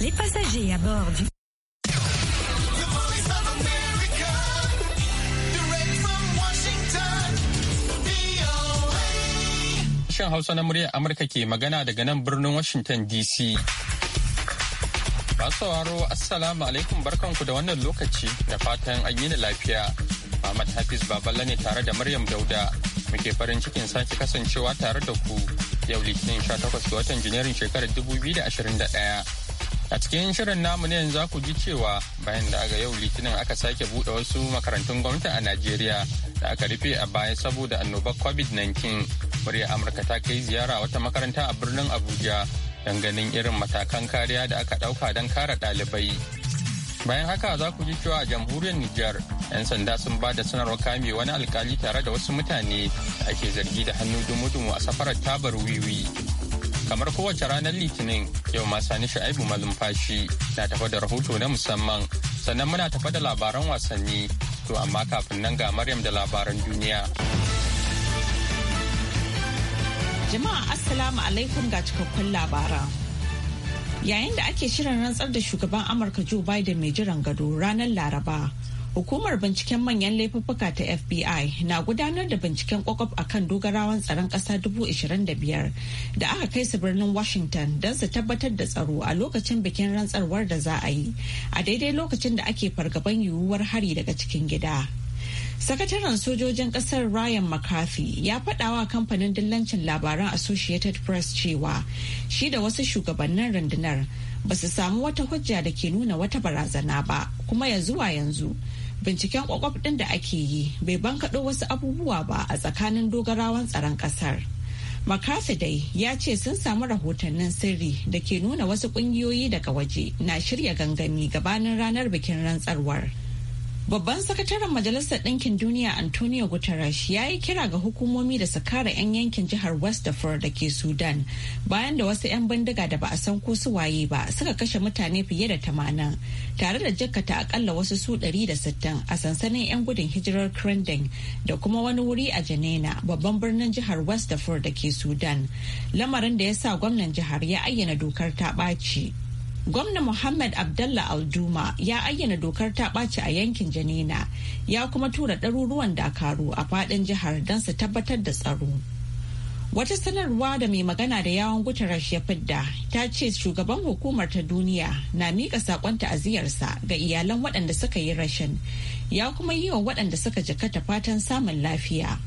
Les passagers à bord du Shin Hausa na muryar Amurka ke magana daga nan birnin Washington DC. Ba sauraro Assalamu alaikum barkanku da wannan lokaci da fatan an yi lafiya. Ahmad Hafiz Baballa ne tare da Maryam Dauda muke farin cikin sake kasancewa tare da ku yau Litinin 18 ga watan Janairun shekarar 2021. A cikin shirin namu ne za ku ji cewa bayan da aga yau litinin aka sake buɗe wasu makarantun gwamnati a Najeriya da aka rufe a baya saboda annobar COVID-19. Murya Amurka ta kai ziyara wata makaranta a birnin Abuja ganin irin matakan kariya da aka ɗauka don kare ɗalibai. Bayan haka za ku ji cewa a jamhuriyar Nijar 'yan sanda sun ba da sanarwar kame wani alkali tare da wasu mutane da ake zargi da hannu dumu-dumu a safarar tabar wiwi. Kamar kowace ranar Litinin yau ma sani Shu'aibu Malumfashi na tafa da rahoto na musamman sannan muna tafa da labaran wasanni to amma kafin nan ga Maryam da labaran duniya. Jama'a Assalamu alaikum ga cikakkun labaran. Yayin da ake shirin rantsar da shugaban Amurka Joe Biden mai jiran gado ranar Laraba. Hukumar binciken manyan laifuffuka ta FBI na gudanar da binciken kwakwaf a kan dogarawan tsaron ƙasa 25,000 da aka kai su birnin Washington don su tabbatar da tsaro a lokacin bikin rantsarwar da za a yi a daidai lokacin da ake fargaban yiwuwar hari daga cikin gida. Sakataren sojojin kasar Ryan McCarthy ya faɗawa kamfanin dillancin labaran Associated Press cewa shi da wasu shugabannin rundunar ba su samu wata hujja da ke nuna wata barazana ba kuma ya zuwa yanzu binciken kwakwaf ɗin da ake yi bai bankaɗo wasu abubuwa ba a tsakanin dogarawan tsaron ƙasar. makafi dai ya ce sun samu rahotannin sirri da ke nuna wasu ƙungiyoyi daga waje na shirya gangami gabanin ranar bikin rantsarwar. Babban sakataren Majalisar Ɗinkin Duniya Antonio Guterres ya yi kira ga hukumomi da su kare 'yan yankin jihar West Darfur da ke Sudan bayan da wasu 'yan bindiga da ba a san ko su waye ba suka kashe mutane fiye da tamanin tare da jakkata akalla wasu su 160 a sansanin 'yan gudun hijirar Crandon da kuma wani wuri a Janena babban birnin jihar West Darfur da ke Sudan lamarin da ya sa gwamnan jihar ya ayyana dokar ta ɓaci. gwamna muhammad abdullah alduma ya ayyana dokar ta ɓaci a yankin janina ya kuma tura ɗaruruwan dakaru a faɗin jihar don su tabbatar da tsaro wata sanarwa da mai magana da yawon gutarash ya fidda ta ce shugaban hukumar ta duniya na miƙa saƙon ta'aziyarsa ga iyalan waɗanda suka yi rashin ya kuma yi wa waɗanda suka jikata fatan samun lafiya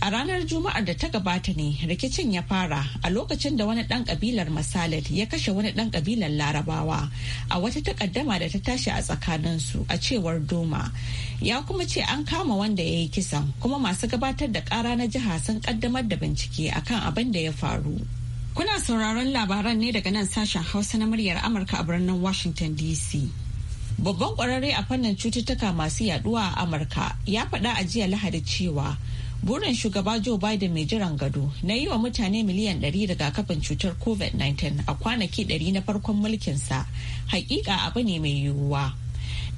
A ranar Juma'ar da ta gabata ne rikicin ya fara a lokacin da wani ɗan ƙabilar Masalit ya kashe wani ɗan ƙabilar Larabawa a wata takaddama da ta tashi a tsakaninsu a cewar Doma. Ya kuma ce an kama wanda ya yi kisan kuma masu gabatar da ƙara na jiha sun ƙaddamar da bincike akan abin da ya faru. Kuna sauraron labaran ne daga nan sashen Hausa na muryar Amurka a birnin Washington DC. babban ƙwararre a fannin cututtuka masu yaduwa a amurka ya faɗa a jiya lahadi cewa burin shugaba joe biden mai jiran gado na yi wa mutane miliyan 100 rigakafin cutar covid-19 a kwanaki 100 na farkon mulkinsa hakika abu ne mai yiwuwa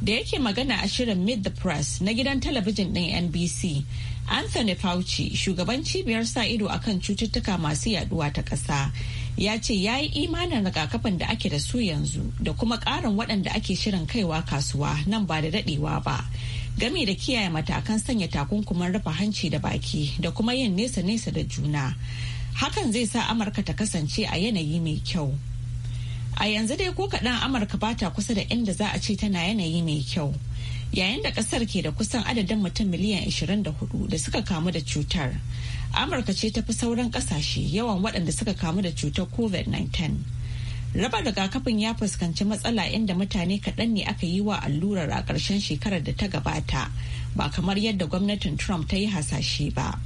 da yake magana a shirin meet the press na gidan talabijin ɗin nbc anthony fauci shugaban cibiyar sa ido akan cututtuka masu yaduwa ta ƙasa ya ce ya yi imanin rigakafin da ake da su yanzu da kuma ƙarin waɗanda ake shirin kaiwa kasuwa nan ba da daɗewa ba game da kiyaye matakan sanya takunkuman rufe hanci da baki da kuma yin nesa-nesa da juna hakan zai sa amurka ta kasance a yanayi mai kyau a yanzu dai ko kaɗan amurka ba ta kusa da inda za a ce tana yanayi mai kyau yayin da ƙasar ke da kusan adadin mutum miliyan 24 da suka kamu da cutar amurka ce ta fi sauran ƙasashe yawan waɗanda suka kamu da cutar covid-19 Raba rigakafin ya fuskanci matsala inda mutane kaɗan ne aka yi wa allurar a ƙarshen shekarar da ta gabata ba kamar yadda gwamnatin Trump ta yi hasashe ba.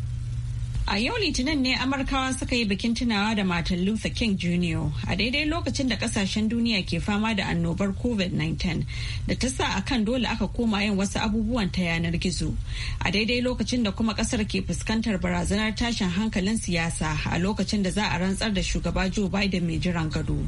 A yau Litinin ne Amurkawa suka yi bikin tunawa da Martin Luther King Jr. a daidai lokacin da kasashen duniya ke fama da annobar COVID-19 da ta sa a kan dole aka koma yin wasu abubuwan ta yanar gizo. A daidai lokacin da kuma kasar ke fuskantar barazanar tashin hankalin siyasa a lokacin da za a rantsar da shugaba Joe Biden mai jiran gado.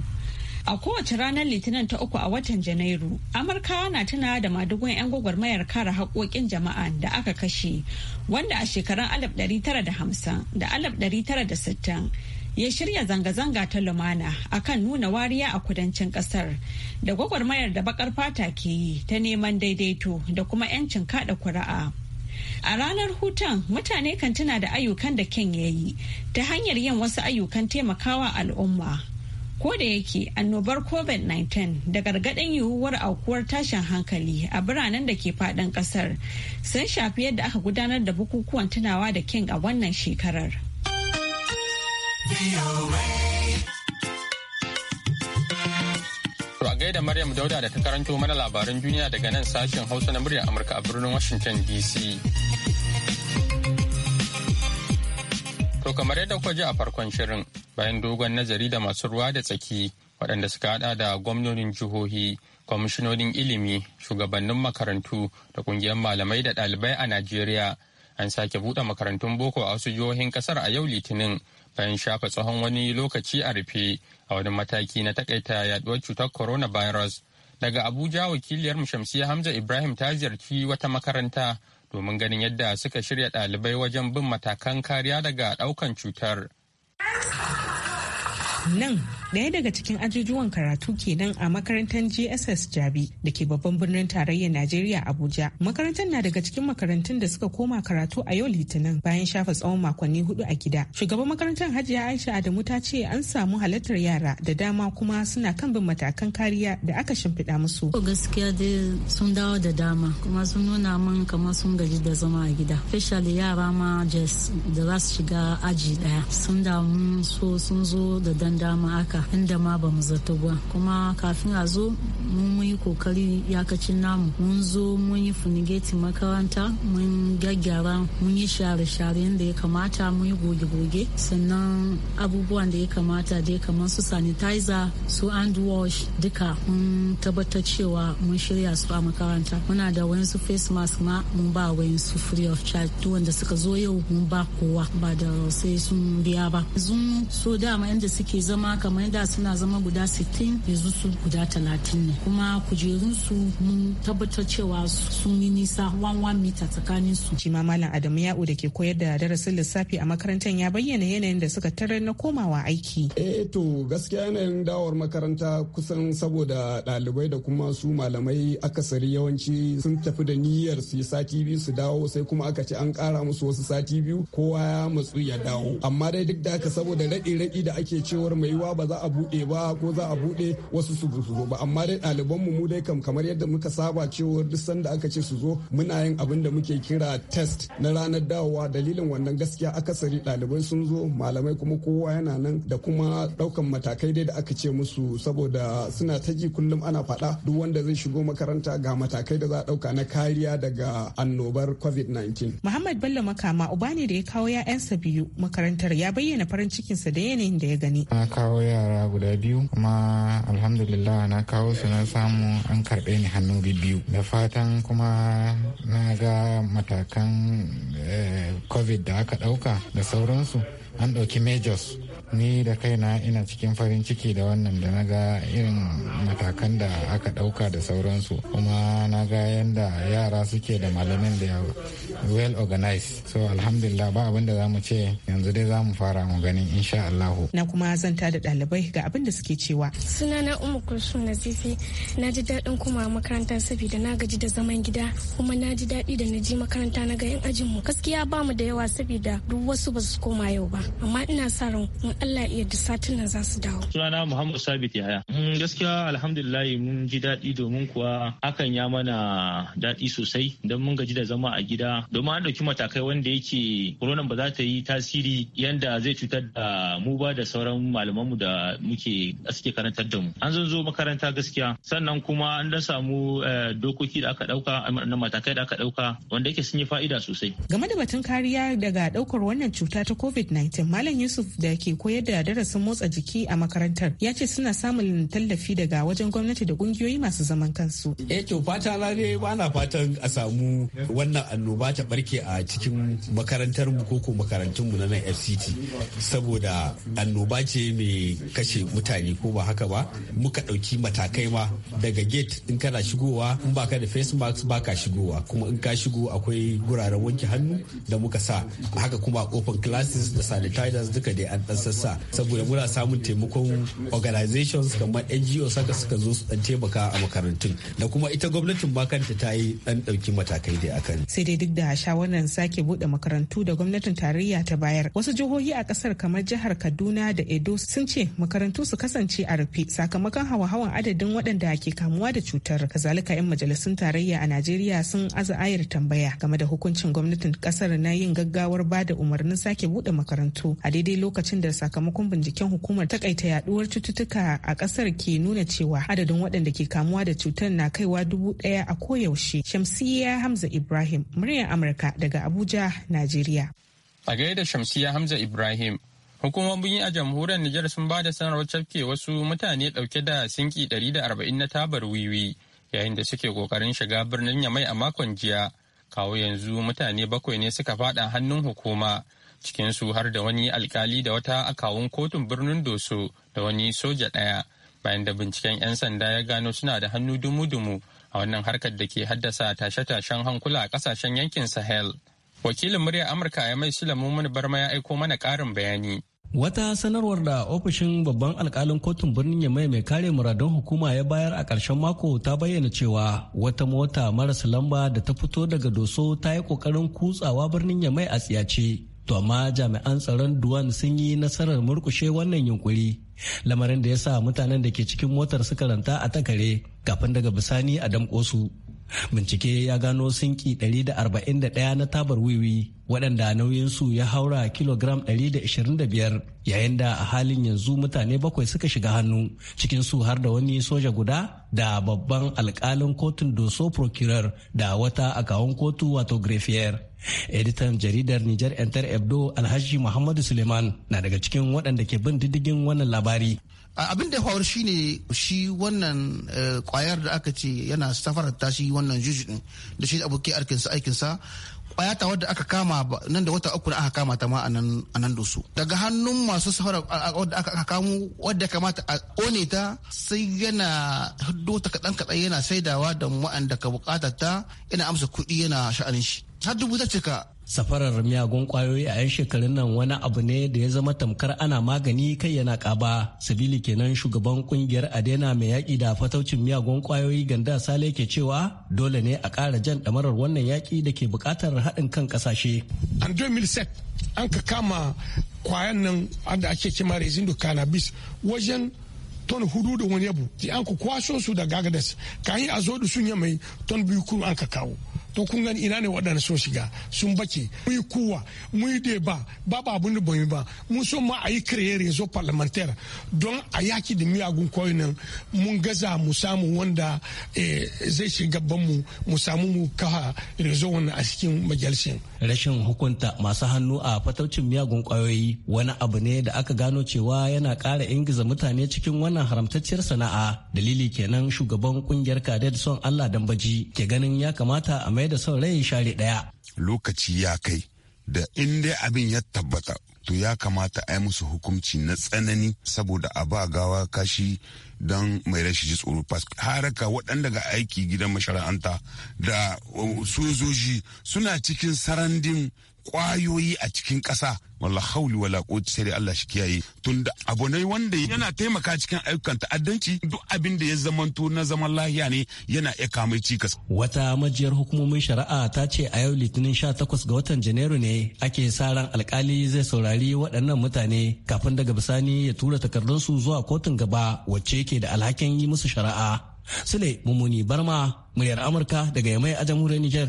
A kowace ranar Litinin ta uku a watan Janairu, Amurka na tuna da madugun 'yan gwagwarmayar kare haƙoƙin jama'a da aka kashe, wanda a shekarun 1950 da 1960 ya shirya zanga-zanga ta lumana a kan nuna wariya a kudancin ƙasar, da gwagwarmayar da baƙar fata ke yi ta neman daidaito da kuma 'yancin kaɗa kuri'a. A ranar hutan mutane kan tuna da ayyukan da Ken ya yi ta hanyar yin wasu ayyukan taimakawa al'umma ko da yake annobar covid-19 da gargaɗin yiwuwar aukuwar tashin hankali a biranen da ke faɗin ƙasar sun shafi yadda aka gudanar da bukukuwan tunawa da king a wannan shekarar. gaida Maryam Dauda da ta karanto mana labaran duniya daga nan sashen Hausa na muryar Amurka a birnin Washington DC. To kamar yadda kwaje a farkon shirin, bayan dogon nazari da masu ruwa da tsaki waɗanda suka hada da gwamnonin jihohi kwamishinonin ilimi shugabannin makarantu da ƙungiyar malamai da ɗalibai a najeriya an sake buɗe makarantun boko a wasu jihohin ƙasar a yau litinin bayan shafa tsohon wani lokaci a rufe a wani mataki na takaita yaduwar cutar corona virus daga abuja wakiliyar shamsiya hamza ibrahim ta ziyarci wata makaranta domin ganin yadda suka shirya ɗalibai wajen bin matakan kariya daga ɗaukan cutar nan ɗaya daga cikin ajujuwan karatu kenan a makarantar gss jabi da ke babban birnin tarayyar najeriya abuja makarantar na daga cikin makarantun da suka koma karatu a yau litinin bayan shafa tsawon makonni hudu a gida shugaban makarantar hajiya aisha adamu ta ce an samu halartar yara da dama kuma suna kan bin matakan kariya da aka shimfiɗa musu gaskiya dai sun dawo da dama kuma sun nuna min kamar sun gaji da zama a gida especially yara ma da za su shiga aji ɗaya sun damu so sun zo da dan dama haka inda ma ba mu zato ba kuma kafin a zo mun yi kokari yakacin namu mun zo mun yi funigeti makaranta mun gaggyara mun yi share-share yadda ya kamata mun yi goge-goge sannan abubuwan da ya kamata dai kamar su sanitizer su hand wash duka mun tabbatar cewa mun shirya su a makaranta muna da wayansu face mask ma mun ba wayansu free of charge duk wanda suka zo yau mun ba kowa ba da sai sun biya ba sun so dama inda suke zama kamar da suna zama guda 60 yanzu su guda 30 ne kuma kujerun su mun tabbatar cewa sun yi nisa 11 mita tsakanin su jima malam Adamu Ya'u da ke koyar da darasin lissafi a makarantar ya bayyana yanayin da suka tarar na komawa aiki eh to gaskiya yanayin dawar makaranta kusan saboda ɗalibai da kuma su malamai akasari yawanci sun tafi da niyyar su yi sati biyu su dawo sai kuma aka ce an kara musu wasu sati biyu kowa ya matsu ya dawo amma dai duk da haka saboda raɗi-raɗi da ake cewar mai yiwa ba za a buɗe ba ko za a buɗe wasu su zo ba amma dai ɗaliban mu dai kam kamar yadda muka saba cewa duk sanda aka ce su zo muna yin abin da muke kira test na ranar dawowa dalilin wannan gaskiya akasari ɗalibai sun zo malamai kuma kowa yana nan da kuma ɗaukan matakai dai da aka ce musu saboda suna ta ji kullum ana faɗa duk wanda zai shigo makaranta ga matakai da za a ɗauka na kariya daga annobar covid-19. Muhammad Bello Makama uba ne da ya kawo 'ya'yansa biyu makarantar ya bayyana farin cikinsa da yanayin da ya gani. na kawo yara guda biyu kuma alhamdulillah na kawo su na samu an karɓe ni hannu biyu da fatan kuma na ga matakan eh, covid da aka ɗauka da sauransu an ɗauki majors ni da kaina ina cikin farin ciki da wannan da na ga irin matakan da aka ɗauka da sauransu kuma na ga yadda yara suke da malamin da ya well organized so alhamdulillah ba abin za mu ce yanzu dai za mu fara mu gani insha Allahu. Na kuma zanta da ɗalibai ga abin da suke cewa. Sunana na umu Nazifi na ji daɗin kuma makaranta saboda na gaji da zaman gida kuma na ji daɗi da na ji makaranta na ga yin ajin mu gaskiya ba mu da yawa saboda duk wasu ba su koma yau ba amma ina sa ran Allah iya da satin za su dawo. Sunana Muhammad Sabit Yahaya. Mm, gaskiya alhamdulillah mun ji daɗi domin kuwa hakan ya mana daɗi sosai don mun gaji da zama a gida domin an ɗauki matakai wanda yake corona ba za ta yi tasiri yanda zai cutar da mu ba da sauran malamanmu da muke suke karantar da mu. An zan zo makaranta gaskiya sannan kuma an da samu eh, dokoki da aka ɗauka eh, na matakai da aka ɗauka wanda yake sun yi fa'ida sosai. Game da batun kariya daga ɗaukar wannan cuta ta COVID-19 Malam Yusuf da ke koyar da darasin motsa jiki a makarantar ya ce suna samun tallafi daga wajen gwamnati da kungiyoyi masu zaman kansu. Eh to fata na ne ba na fatan a samu wannan annoba ta barke a cikin makarantar mu ko makarantun mu na nan FCT saboda annoba ce mai kashe mutane ko ba haka ba muka ɗauki matakai ma daga gate in kana shigowa in baka da face mask baka shigowa kuma in ka shigo akwai guraren wanke hannu da muka sa haka kuma kofin classes da sanitizers duka dai an ɗan sa saboda muna samun taimakon organizations kamar NGO saka suka zo su dan taimaka a makarantun da kuma ita gwamnatin ma kanta ta yi dan dauki matakai da akan sai dai duk da wannan sake bude makarantu da gwamnatin tarayya ta bayar wasu jihohi a kasar kamar jihar Kaduna da Edo sun ce makarantu su kasance a rufe sakamakon hawa-hawan adadin waɗanda ke kamuwa da cutar kazalika 'yan majalisun tarayya a Najeriya sun aza ayar tambaya game da hukuncin gwamnatin kasar na yin gaggawar ba da umarnin sake bude makarantu a daidai lokacin da sakamakon binciken hukumar takaita yaduwar cututtuka a kasar ke nuna cewa adadin waɗanda ke kamuwa da cutar na kaiwa dubu ɗaya a koyaushe shamsiya hamza ibrahim muryar amurka daga abuja najeriya a da shamsiya hamza ibrahim hukumomin a jamhuriyar nijar sun ba da sanarwar cafke wasu mutane ɗauke da sinki ɗari da arba'in na tabar wiwi yayin da suke kokarin shiga birnin yamai a makon jiya kawo yanzu mutane bakwai ne suka fada hannun hukuma cikin su har da wani alkali da wata akawun kotun birnin doso da wani soja ɗaya bayan da binciken 'yan sanda ya gano suna da hannu dumu-dumu a wannan harkar da ke haddasa tashe-tashen hankula a kasashen yankin sahel wakilin muryar amurka ya mai sulamun barma ya aiko mana ƙarin bayani Wata sanarwar da ofishin babban alkalin kotun birnin Yamai mai kare muradun hukuma ya bayar a ƙarshen mako ta bayyana cewa wata mota marasa lamba da ta fito daga doso ta yi ƙoƙarin kutsawa birnin Yamai a tsiyace To amma jami'an tsaron Duwan sun yi nasarar murkushe wannan yunkuri. Lamarin da ya sa mutanen da ke cikin motar suka ranta a takare kafin daga bisani a damƙo su. bincike ya gano sinki 141 na tabar wiwi waɗanda nauyinsu ya haura kilogram 125 yayin da a halin yanzu mutane bakwai suka shiga hannu cikinsu har da wani soja guda da babban alkalin kotun doso procurer da wata akawun kotu wato grefier editan jaridar niger enter ebdo alhaji muhammadu suleiman na daga cikin waɗanda ke bin diddigin wannan labari abin da faru ne shi wannan eh, kwayar da aka ce yana safarar tashi wannan juji din da shi abokin arkinsa aikinsa kwaya ta wadda aka kama nan da wata uku na aka kama ta ma a nan dosu daga hannun masu safarar wadda aka kamo wadda kamata a kone ta sai yana hiddo ta kaɗan kaɗan yana saidawa da wa'anda ka bukatar ta yana amsa kuɗi yana sha'anin shi har dubu ta cika safarar miyagun kwayoyi a 'yan shekarun nan wani abu ne da ya zama tamkar ana magani kai yana kaba sabili kenan shugaban kungiyar adena mai yaki da fataucin miyagun kwayoyi ganda sale ke cewa dole ne a kara jan damarar wannan yaki da ke buƙatar haɗin kan kasashe. an 2007 ka kama kwayan nan da ake cima rezindo cannabis wajen ton hudu da wani abu an ka kwaso su da gagadas kayan a zo da sun mai ton biyu kuma an ka kawo to kun gani ina ne waɗanda so shiga sun bake mu yi kuwa mu yi deba babu abin da bamu ba mun so ma a yi kireye rezo parlementaire don a yaki da miyagun koyi nan mun gaza mu samu wanda eh, zai shiga mu mu samu mu kaha rezo wannan a cikin majalisin. rashin hukunta masu hannu a fataucin miyagun kwayoyi wani abu ne da aka gano cewa yana ƙara ingiza mutane cikin wannan haramtacciyar sana'a dalili kenan shugaban kungiyar kadet son allah dambaji ke ganin ya kamata a mai ɗaya da share ɗaya. Lokaci ya kai da in dai abin ya tabbata to ya kamata a yi musu hukunci na tsanani saboda a ba gawa kashi don mai rashi ji tsoro haraka waɗanda ga aiki gidan mashara'anta da uh, sojoji suna cikin sarandin kwayoyi a cikin ƙasa wala hauli wala quwwata sai Allah shi kiyaye tunda abu ne wanda yana taimaka cikin ayyukan ta'addanci duk abin da ya zamanto na zaman lahiya ne yana iya kamai cikas wata majiyar hukumomin shari'a ta ce a yau litinin sha 18 ga watan janairu ne ake sa ran alkali zai saurari waɗannan mutane kafin daga bisani ya tura takardun su zuwa kotun gaba wacce ke da alhakin yi musu shari'a sule mummuni barma muryar amurka daga yamai a jamhuriyar niger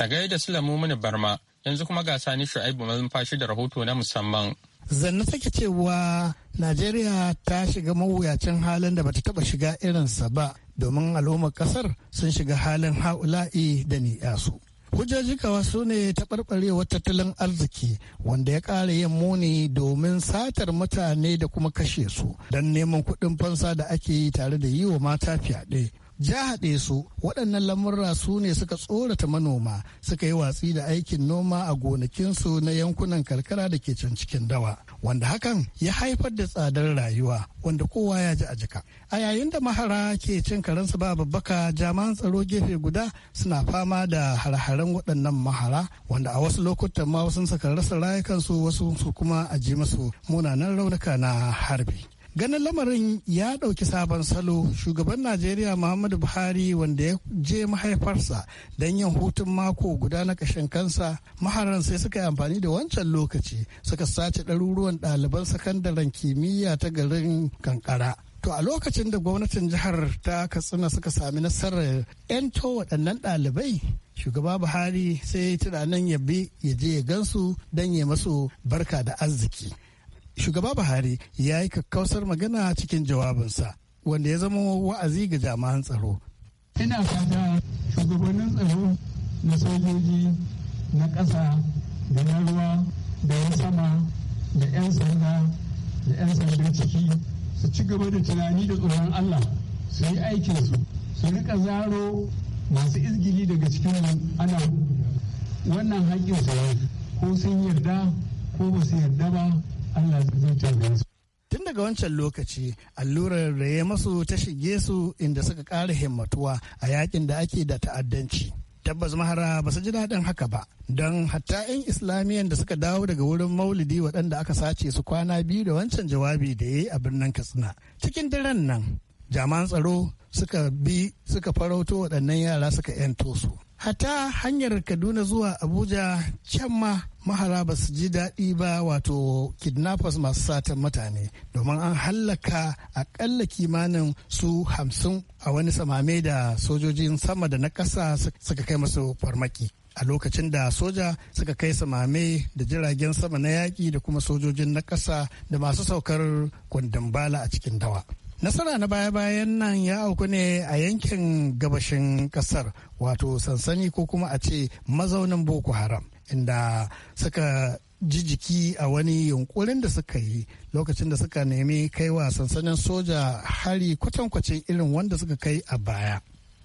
a gaida sule mummuni barma yanzu kuma ga sani shu'aibu malumfashi da rahoto na musamman zanna take cewa najeriya ta shiga mawuyacin halin da bata taba shiga irin sa ba domin al'ummar kasar sun shiga halin ha'ula'i da ni'yasu hujjoji kawa su ne taɓarɓarewar tattalin arziki wanda ya ƙara yin muni domin satar mutane da kuma kashe su don neman kuɗin fansa da ake yi tare da yi wa mata fyaɗe ja haɗe su waɗannan lamurra su ne suka tsorata manoma suka yi watsi da aikin noma a gonakinsu na yankunan karkara da ke can cikin dawa wanda hakan ya haifar da tsadar rayuwa wanda kowa ya ji a jika a yayin da mahara ke cin karensu ba babbaka jami'an tsaro gefe guda suna fama da harharen waɗannan mahara wanda a wasu lokutan ma wasu suka rasa rayukansu wasu su kuma a ji musu munanan raunuka na harbi ganin lamarin ya ɗauki sabon salo shugaban najeriya muhammadu buhari wanda ya je mahaifarsa don yin hutun mako guda na kashin kansa maharan sai suka yi amfani da wancan lokaci suka sace ɗaruruwan ɗaliban sakandaren kimiyya ta garin kankara To a lokacin da gwamnatin jihar ta Katsina suka sami nasarar 'yanto waɗannan ɗalibai, shugaba Buhari sai tunanin ya bi ya je ya gansu don ya masu barka da arziki. shugaba buhari ya yi kakkausar magana cikin jawabinsa wanda ya zama wa'azi ga jami'an tsaro ina fata shugabannin tsaro na sojoji na ƙasa da na ruwa da ya sama da 'yan sanda da 'yan sandan ciki su ci gaba da tunani da tsoron allah su yi aikinsu su rika zaro masu izgili daga cikin ana wannan haƙƙin su ko sun yarda ko ba su yarda ba Allah zai tambaye su tun daga wancan lokaci allurar da ya masu ta shige su inda suka ƙara himmatuwa a yakin da ake da ta'addanci tabbas mahara ba su ji daɗin haka ba don hatta 'yan islamiyan da suka dawo daga wurin maulidi waɗanda aka sace su kwana biyu da wancan jawabi da ya yi a birnin katsina cikin daren nan jaman tsaro suka bi suka farauto waɗannan yara suka 'yanto su hatta hanyar kaduna zuwa abuja can ma mahara ba su ji daɗi ba wato kidnappers masu satan mutane domin an hallaka akalla kimanin su hamsin a wani samame da sojojin sama da na ƙasa suka kai masu farmaki a lokacin da soja suka kai samame da jiragen sama na yaƙi da kuma sojojin na ƙasa da masu saukar kwandon bala a cikin dawa Nasara na baya-bayan nan ya auku ne a yankin gabashin ƙasar wato sansani ko kuma a ce mazaunin Boko Haram. inda suka ji jiki a wani yunkurin da suka yi lokacin da suka nemi kai wa sansanin soja hari kwatankwacin irin wanda suka kai a baya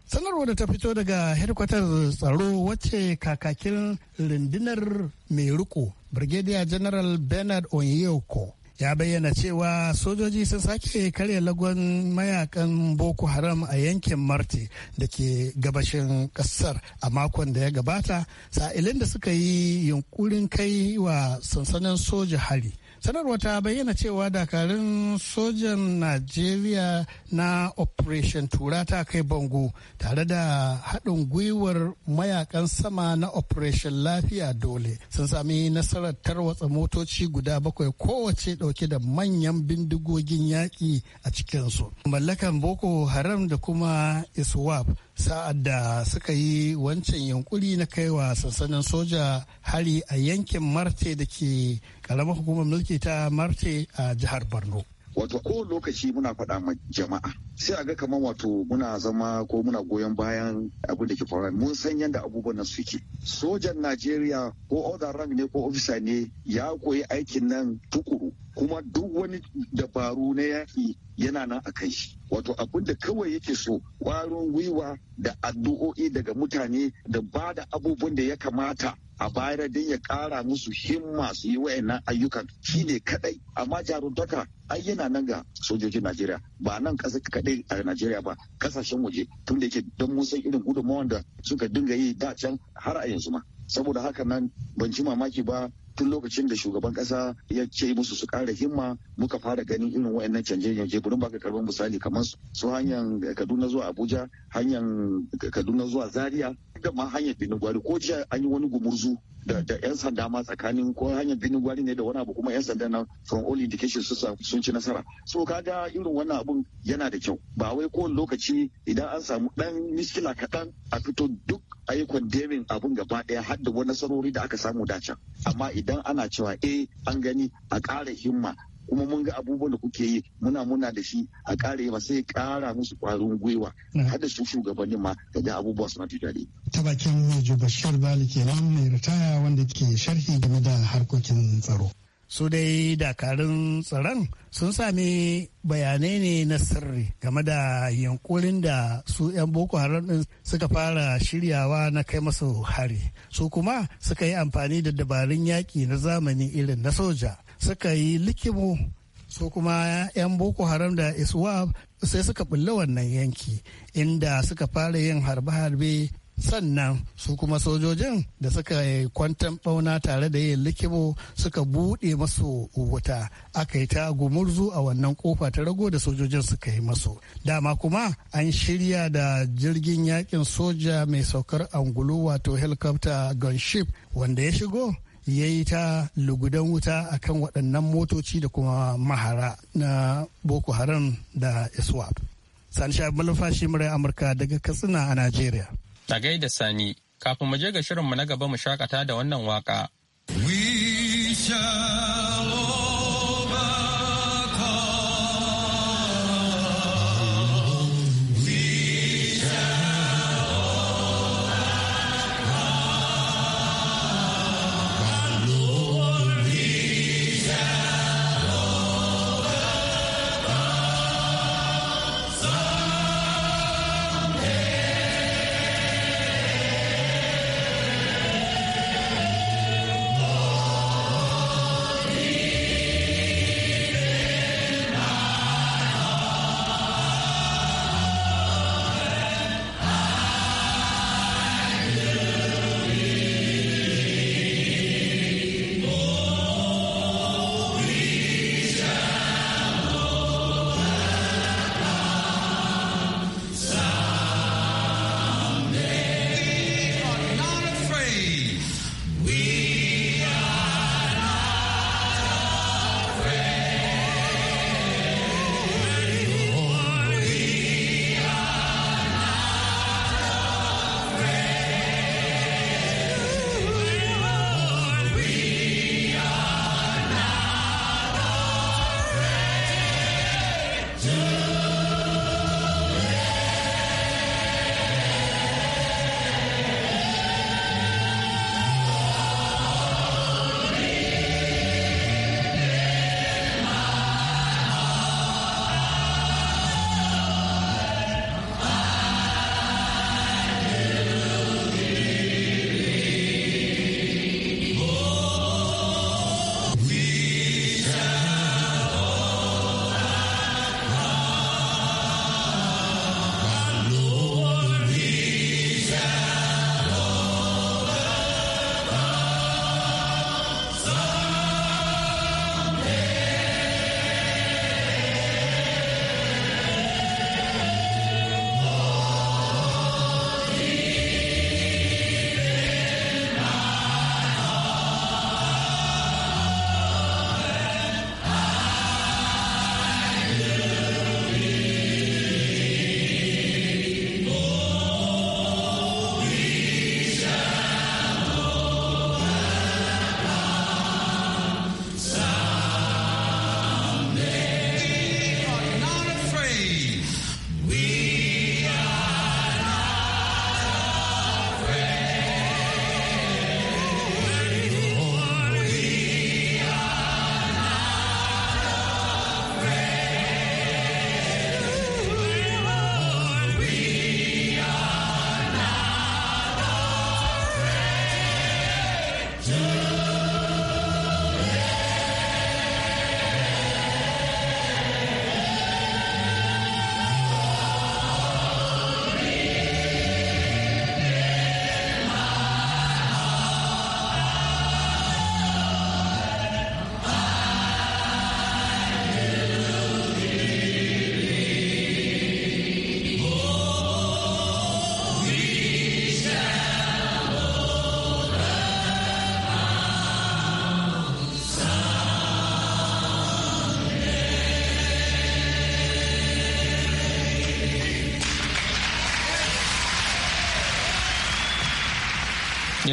sanarwa da ta fito daga hedkwatar tsaro wacce kakakin rundunar mai riko brigadier general bernard onyeko ya bayyana cewa sojoji sun sake karya lagon mayakan boko haram a yankin marti da ke gabashin kasar a makon da ya gabata sa'ilin da suka yi yunkurin kai wa sansanin soja hari Sanarwar ta bayyana cewa dakarun sojan najeriya na operation tura ta kai bango tare da haɗin gwiwar mayakan sama na operation lafiya dole sun sami nasarar tarwatsa motoci guda bakwai kowace ɗauke da manyan bindigogin yaƙi a cikinsu mallakan boko haram da kuma iswap sa'ad da suka yi wancan yankuri na kaiwa sansanin soja hari a yankin marte da ke karamar hukumar mulki ta marte a jihar borno wato ko lokaci muna faɗa ma jama'a sai a ga kamar wato muna zama ko muna goyon bayan abin da ke faruwa mun san yadda abubuwan nan suke sojan najeriya ko oda rank ne ko ofisa ne ya koyi aikin nan tukuru kuma duk wani dabaru na yaƙi yana nan a kai. shi wato abin da kawai yake so ƙwarin gwiwa da addu'o'i daga mutane da ba da abubuwan da ya kamata a bayar din ya kara musu himma su yi wayannan ayyukan shi ne kadai amma jaruntaka ai yana nan ga sojojin Najeriya ba nan kasa kadai a Najeriya ba kasashen waje tun da yake don mun san irin gudunmawar da suka dinga yi da can har a yanzu ma saboda haka nan ban ci mamaki ba tun lokacin da shugaban kasa ya ce musu su kara himma muka fara ganin irin wayannan canje-canje burin baka karban misali kamar su hanyar kaduna zuwa abuja hanyar kaduna zuwa zaria da ma hanyar binin gwari ko jiya an yi wani gumurzu da yan sanda ma tsakanin ko hanyar binin gwari ne da wani abu kuma yan sanda na from all indications sun ci nasara so ga irin wannan abun yana da kyau ba wai kowane lokaci idan an samu dan miskila kaɗan a fito duk ayyukan demin abun gaba ɗaya har da wani nasarori da aka samu dace amma idan ana cewa eh an gani a ƙara himma kuma mun ga abubuwan da kuke yi muna muna da shi a kare ma sai kara musu kwarin gwiwa mm. har da su shugabannin ma da da abubuwa suna fita da ta bakin Mejo Bashir Bali kenan mai ritaya wanda ke sharhi game da harkokin tsaro. Su dai dakarun tsaron sun sami bayanai ne na sirri game da yankurin da su 'yan boko haram din suka fara shiryawa na kai masu hari su kuma suka yi amfani da dabarun yaƙi na zamani irin na soja suka yi likimo su kuma 'yan boko haram da iswab sai suka bulla wannan yanki inda suka fara yin harbe-harbe sannan su kuma sojojin da suka kwantan bauna tare da yin likimo suka bude masu wuta aka yi ta gumurzu a wannan kofa ta rago da sojojin suka yi masu dama kuma an shirya da jirgin yakin soja mai saukar angulu wato helicopter gunship wanda ya shigo ya yi ta lugudan wuta akan waɗannan motoci da kuma mahara na boko haram da iswap sani sha malafashi murai amurka daga katsina a najeriya a gaida sani kafin mu je ga mu na gaba mu shakata da wannan waka we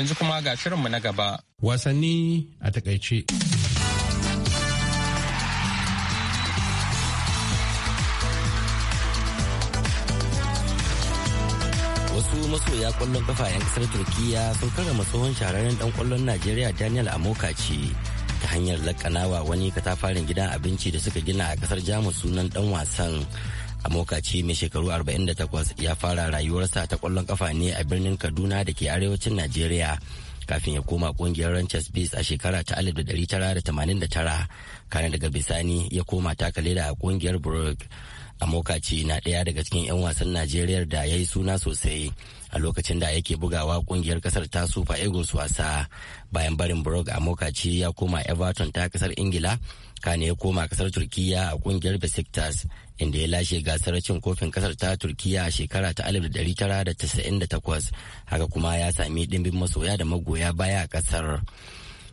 yanzu kuma ga shirinmu na gaba. Wasanni a takaice. Wasu masoya kwallon kafa 'yan kasar Turkiyya sun karrama tsohon shahararren dan kwallon Najeriya Daniel ce ta hanyar lakanawa wani katafarin gidan abinci da suka gina a kasar Jamus sunan dan wasan. a mokaci mai shekaru 48 ya fara rayuwarsa ta kwallon kafa ne a birnin kaduna da ke arewacin najeriya kafin ya koma kungiyar ranchers bees a shekara ta 1989 kana daga bisani ya koma taka leda a kungiyar brook a mokaci na daya daga cikin 'yan wasan najeriya da ya yi suna sosai a lokacin da yake bugawa kungiyar kasar ta super eagles wasa bayan barin brog a mokaci ya koma everton ta kasar ingila kane ya koma kasar turkiya a kungiyar besiktas inda ya lashe gasar cin kofin kasar ta turkiya a shekara ta 1998 haka kuma ya sami dimbin masoya da magoya baya a kasar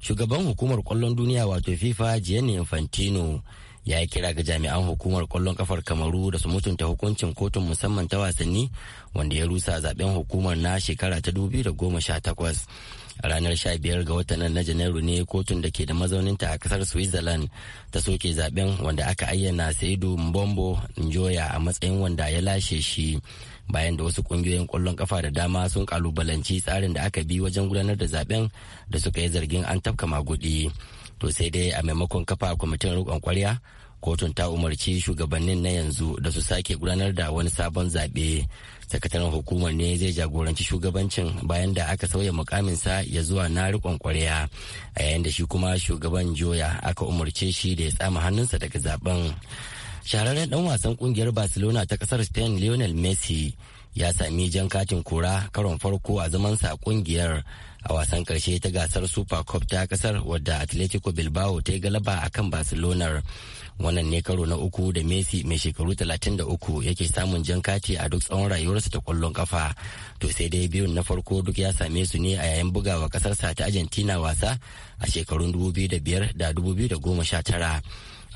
shugaban hukumar kwallon duniya wato fifa gianni infantino ya yi kira ga jami'an hukumar kwallon kafar kamaru da su mutunta hukuncin kotun musamman ta wasanni wanda ya rusa zaben hukumar na shekara ta 2018 a ranar 15 ga watan na janairu ne kotun da ke da mazauninta a kasar switzerland ta soke zaben wanda aka ayyana saidu mbombo njoya a matsayin wanda ya lashe shi bayan da wasu kungiyoyin kwallon kafa da dama sun kalubalanci tsarin da aka bi wajen gudanar da zaben da suka yi zargin an tafka magudi. to sai dai a maimakon kafa kwamitin roƙon kwarya kotun ta umarci shugabannin na yanzu da su sake gudanar da wani sabon zaɓe sakataren hukumar ne zai jagoranci shugabancin bayan da aka sauya mukaminsa ya zuwa na riƙon kwarya a yayin da shi kuma shugaban joya aka umarce shi da ya tsama hannunsa daga zaben shahararren dan wasan kungiyar barcelona ta kasar spain lionel messi ya sami jan katin kura karon farko a zamansa a kungiyar a wasan karshe ta gasar super cup ta kasar wadda atletico bilbao ta yi galaba a kan barcelona wannan ne karo na uku da messi mai shekaru 33 yake samun jan kati a duk tsawon rayuwarsa ta kwallon kafa to sai dai biyun na farko duk ya same su ne a yayin bugawa kasarsa ta argentina wasa a shekarun 2005 da 2019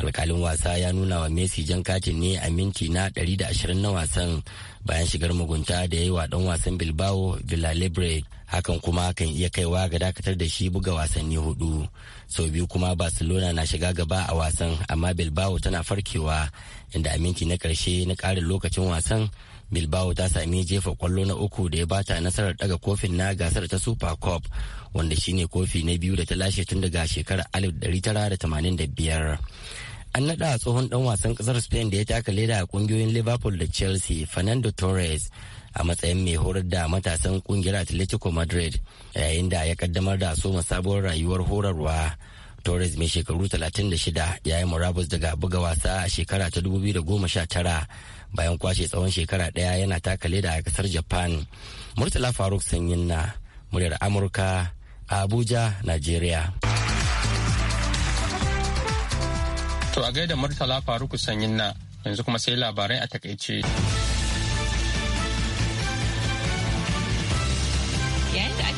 alkalin wasa ya nuna wa messi jan katin ne a minti na 120 na wasan bayan shigar mugunta da ya yi wa dan wasan bilbao Villa Libre. hakan kuma kan iya kaiwa ga dakatar da shi buga wasanni hudu sau biyu kuma barcelona na shiga gaba a wasan amma bilbao tana farkewa inda aminci na karshe na karin lokacin wasan bilbao ta sami jefa kwallo na uku da ya bata nasarar daga kofin na gasar ta super cup wanda shine kofi na biyu da ta lashe tun daga shekarar 1985 an naɗa tsohon ɗan wasan ƙasar spain da ya taka leda a ƙungiyoyin liverpool da chelsea fernando torres a matsayin mai horar da matasan kungiyar atletico madrid yayin da ya kaddamar da soma sabuwar rayuwar horarwa torres mai shekaru 36 ya yi murabus daga buga wasa a shekara ta 2019 bayan kwashe tsawon shekara daya yana takale da a kasar japan murtala faruk sanyin na muryar amurka a abuja nigeria to a gaida murtala faruk sanyin na yanzu kuma sai labarai a takaice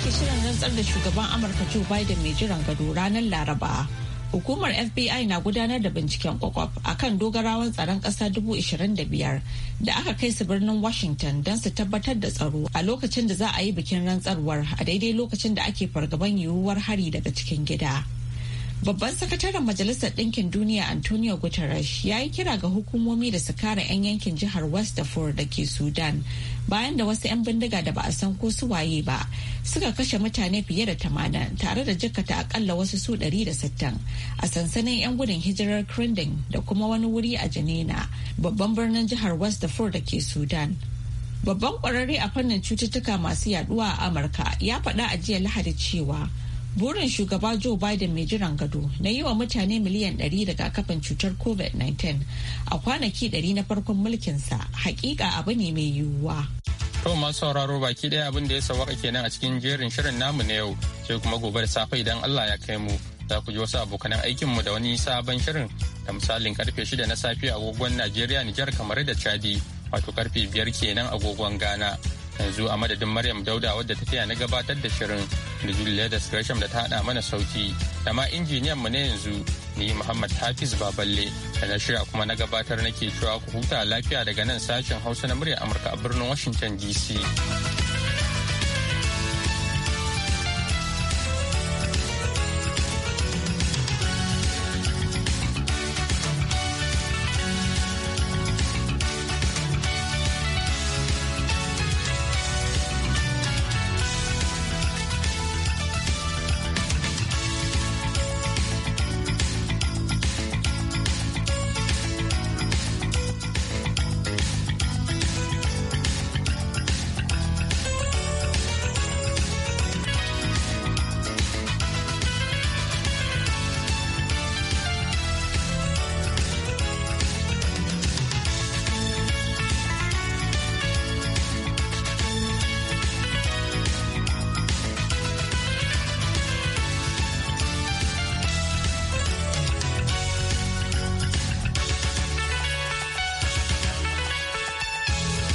ake shirin rantsar da shugaban Amurka Joe Biden mai jiran gado ranar Laraba. Hukumar FBI na gudanar da binciken kwakwaf a kan dogarawan tsaron ƙasa 25,000 da aka kai su birnin Washington don su tabbatar da tsaro a lokacin da za a yi bikin rantsarwar a daidai lokacin da ake fargaban yiwuwar hari daga cikin gida. Babban sakataren Majalisar Ɗinkin Duniya Antonio Guterres ya yi kira ga hukumomi da su kare 'yan yankin jihar West da ke Sudan bayan da wasu 'yan bindiga da ba a san ko su waye ba suka kashe mutane fiye da tamanin tare da jikata akalla wasu su 160 a sansanin 'yan gudun hijirar crinding da kuma wani wuri a janina babban birnin jihar West Darfur da ke Sudan. Babban kwararre a fannin cututtuka masu yaduwa a Amurka ya faɗa a jiya Lahadi cewa burin shugaba joe biden mai jiran gado na yi wa mutane miliyan 100 daga kafin cutar covid-19 a kwanaki 100 na farkon mulkinsa hakika abu ne mai yiwuwa to masu sauraro baki daya abin da ya sawaka kenan a cikin jerin shirin namu na yau sai kuma gobe da safe idan allah ya kai mu za ku ji wasu abokanan mu da wani sabon shirin da misalin karfe 6 na safe agogon najeriya nijar kamar da chadi wato karfe 5 kenan agogon ghana yanzu a madadin maryam dauda wadda ta taya na gabatar da shirin da julia da gresham da ta hada mana sauki da injiniyan mu ne yanzu ni muhammad hafiz baballe da na shirya kuma na gabatar nake cewa ku huta lafiya daga nan sashen hausa na murya amurka a birnin washington dc